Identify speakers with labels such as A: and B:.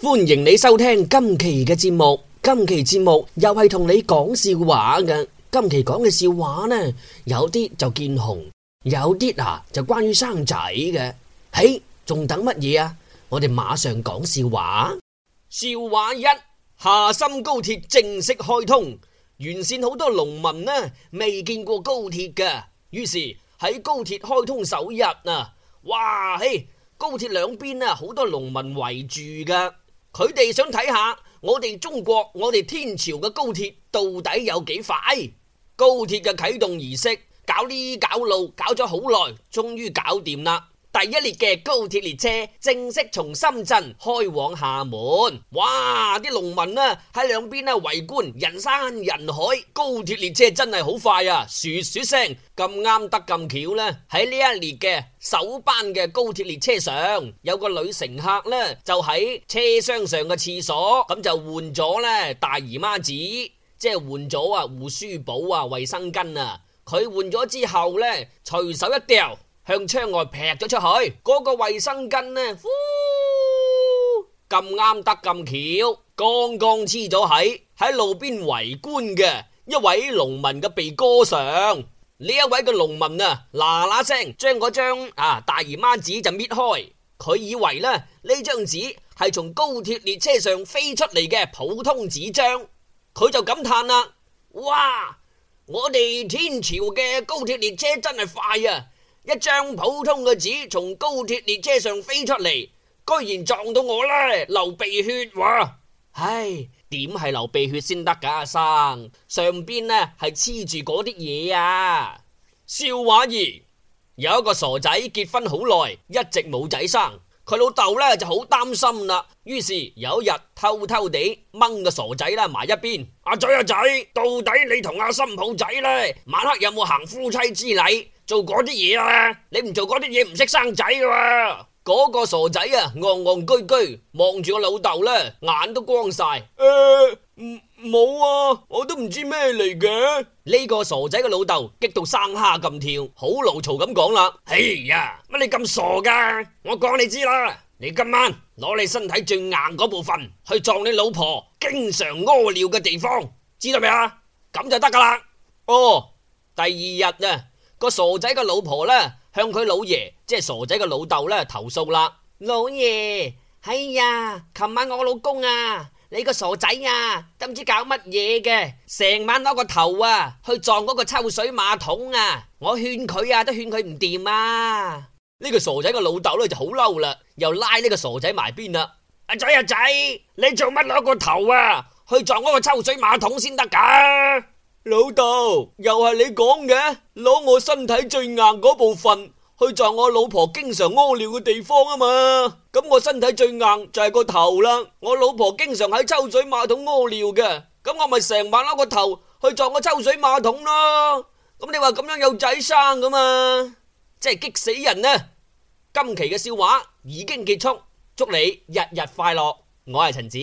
A: 歡迎你收聽今期嘅節目，今期節目又係同你講笑話嘅。今期講嘅笑話呢，有啲就見紅，有啲啊就關於生仔嘅。嘿，仲等乜嘢啊？我哋馬上講笑話。笑話一，廈深高鐵正式開通，沿線好多農民呢，未見過高鐵嘅，於是喺高鐵開通首日啊，哇嘿，高鐵兩邊啊，好多農民圍住噶。佢哋想睇下我哋中國、我哋天朝嘅高鐵到底有幾快？高鐵嘅啟動儀式搞呢搞路搞，搞咗好耐，終於搞掂啦。第一列嘅高鐵列車正式從深圳開往廈門，哇！啲農民啦喺兩邊啦圍觀，人山人海。高鐵列車真係好快啊！唰唰聲，咁啱得咁巧呢。喺呢一列嘅首班嘅高鐵列車上，有個女乘客呢就喺車廂上嘅廁所咁就換咗呢大姨媽紙，即係換咗啊護舒寶啊衛生巾啊，佢換咗之後呢，隨手一掉。向窗外劈咗出去，嗰個衛生巾呢？咁啱得咁巧，剛剛黐咗喺喺路邊圍觀嘅一位農民嘅鼻哥上呢，一位嘅農民啊，嗱嗱聲將嗰張啊大姨媽紙就搣開，佢以為呢呢張紙係從高鐵列車上飛出嚟嘅普通紙張，佢就感嘆啦：哇！我哋天朝嘅高鐵列車真係快啊！一張普通嘅紙從高鐵列車上飛出嚟，居然撞到我咧，流鼻血哇！唉，點係流鼻血、啊、先得噶？阿生，上邊呢係黐住嗰啲嘢啊！笑話二，有一個傻仔結婚好耐，一直冇仔生。佢老豆咧就好擔心啦，於是有一日偷偷地掹個傻仔啦埋一邊。阿仔阿仔，到底你同阿新抱仔咧，晚黑有冇行夫妻之禮做嗰啲嘢啊？你唔做嗰啲嘢唔識生仔噶嘛？嗰個傻仔啊，憨憨居居望住個老豆咧，眼都光晒。誒、呃，嗯。冇啊！我都唔知咩嚟嘅。呢個傻仔嘅老豆激到生蝦咁跳，好老嘈咁講啦！哎呀，乜你咁傻噶？我講你知啦，你今晚攞你身體最硬嗰部分去撞你老婆經常屙尿嘅地方，知道未啊？咁就得噶啦。哦，第二日啊，個傻仔嘅老婆呢向佢老爺，即係傻仔嘅老豆呢，投訴啦。老爺，哎呀，琴晚我老公啊！你個傻仔啊，都唔知搞乜嘢嘅，成晚攞個頭啊去撞嗰個抽水馬桶啊！我勸佢啊，都勸佢唔掂啊！呢個傻仔嘅老豆呢就好嬲啦，又拉呢個傻仔埋邊啦！阿仔阿仔，你做乜攞個頭啊？去撞嗰個抽水馬桶先得噶！老豆，又係你講嘅，攞我身體最硬嗰部分。去撞我老婆經常屙尿嘅地方啊嘛，咁我身體最硬就係個頭啦，我老婆經常喺抽水馬桶屙尿嘅，咁我咪成晚攞個頭去撞個抽水馬桶咯，咁你話咁樣有仔生噶嘛？真係激死人啊！今期嘅笑話已經結束，祝你日日快樂，我係陳子。